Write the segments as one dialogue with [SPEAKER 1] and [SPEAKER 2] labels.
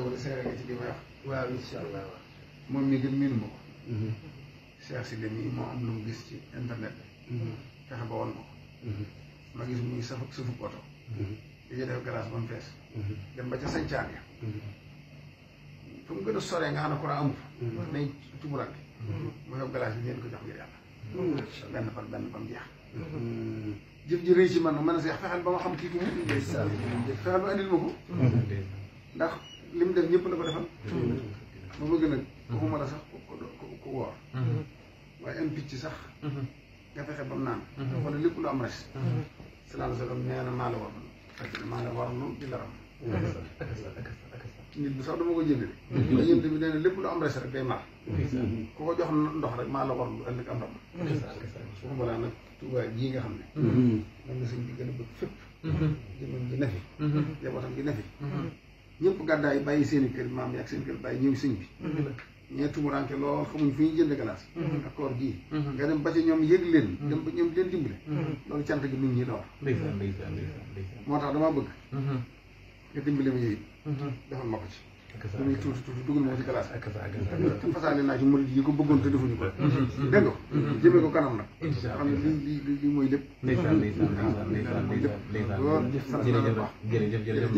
[SPEAKER 1] wala seere nga ci di wax. waaw incha allah mi gën miinu ma ko. Mhm. Cheikh Sidi mii moo am lu mu gis ci internet mhm. fexe ba woon ma mhm. ma gis muy safu suufu oto. di def glace ba mu fees. dem ba ca sañcaan ya. fu mu gën a soree nga xam ne courant amul fa. nañ tumuranke. mu def glace bi ngeen ko jox ngir yàlla. benn jeex. jëf ji rëy ci man mën na see fexeel ba ma xam kii ku mu. ko. li mu def ñëpp la ko defal mm-hmm. ma bëgg nag waxuma la sax ku ku woor mm-hmm. waaye am picc sax mm-hmm. nga fexe ba mu naan wala lépp lu am res salaam salaam nee na maa la war fekk maa la war lu di la ram nit bu sax dama ko jënd da yéen tamit nee na lépp lu am res rek day mar ku ko jox ndox rek maa la war lu ëllëg am ram waxuma laa nag tubaab jii nga xam ne moom la sëñ bi gën a bëgg fépp jëmam gi nefi jabootam gi nefi ñëpp gàddaay bàyyi seen kër maam yi ak seen kër bàyyi ñëw sëñ bi ñee tumuranke lool xamuñ fi ñu jënd glace ak koor gii nga dem ba ci ñoom yëg leen dem ba ñoom leen dimbale loolu cant gi mu ngi ñi moo tax dama bëgg nga dimbale ma yooyu defal ma ko ci lu muy tuuti tuuti dugal moo ci galaas te fasaale naa ci murid ko bëggoon te ko mm-hmm. Mm-hmm. Mm-hmm.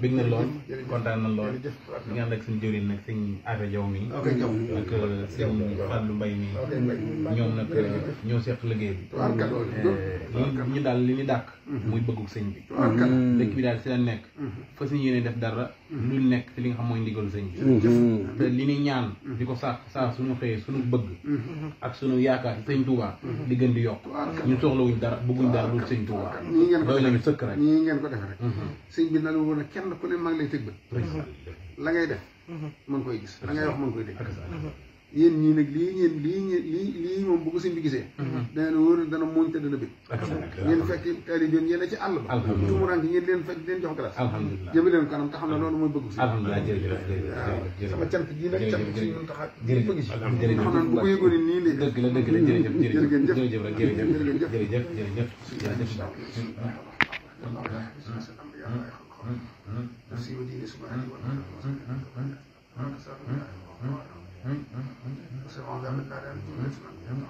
[SPEAKER 1] dégg na lool kontaan na lool di
[SPEAKER 2] nga ànd ak suñu jëwriñ nag sëñ Afe Jaw mi ak euh, sëñ Fallou Mbaye mi ñoom nag euh, ñoo seq liggéey bi euh, ñu daal li ñu dàkk muy bëggug sëñ bi dëkk daal si la nekk fa suñu yéene def dara lu nekk ci li nga xam mooy ndigal sëñ mhm. te li ñuy ñaan di ko sax saa suñu xëyee suñu bëgg mhm. ak suñu yaakaar sëñ Touba mhm. di gën di yokk ñun soxlawuñ dara bëgguñ dara lu sëñ Touba doy nañu
[SPEAKER 1] sëkk rek ñii ngeen ko defe rek sëñ bi na la woon a kenn ku ne maa ngi lay tëgg la ngay def mën koy gis yéen ñii nag lii moom bu ko sëñ bi gisee dana mhm. la wóor dana muñ te dana bëgg ngeen fekk taalibe ci àll ba tuumuranke leen fekk leen jox glace jëme leen kanam te xam ne loolu mooy bëgg si waaw sama cant gii nag cant si ñun taxa fëgg si xam naa bu وسبع ذنب بعد أن تولد من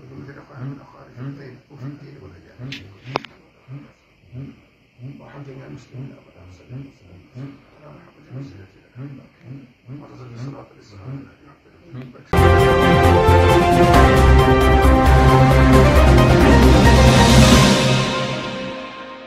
[SPEAKER 1] وجملة الأخوان من الخارج من الدين وفي الدين والأجال وارحم جميع المسلمين أبدا وسلم على محمد المسلمين وتصل بالصلاة والسلام عليك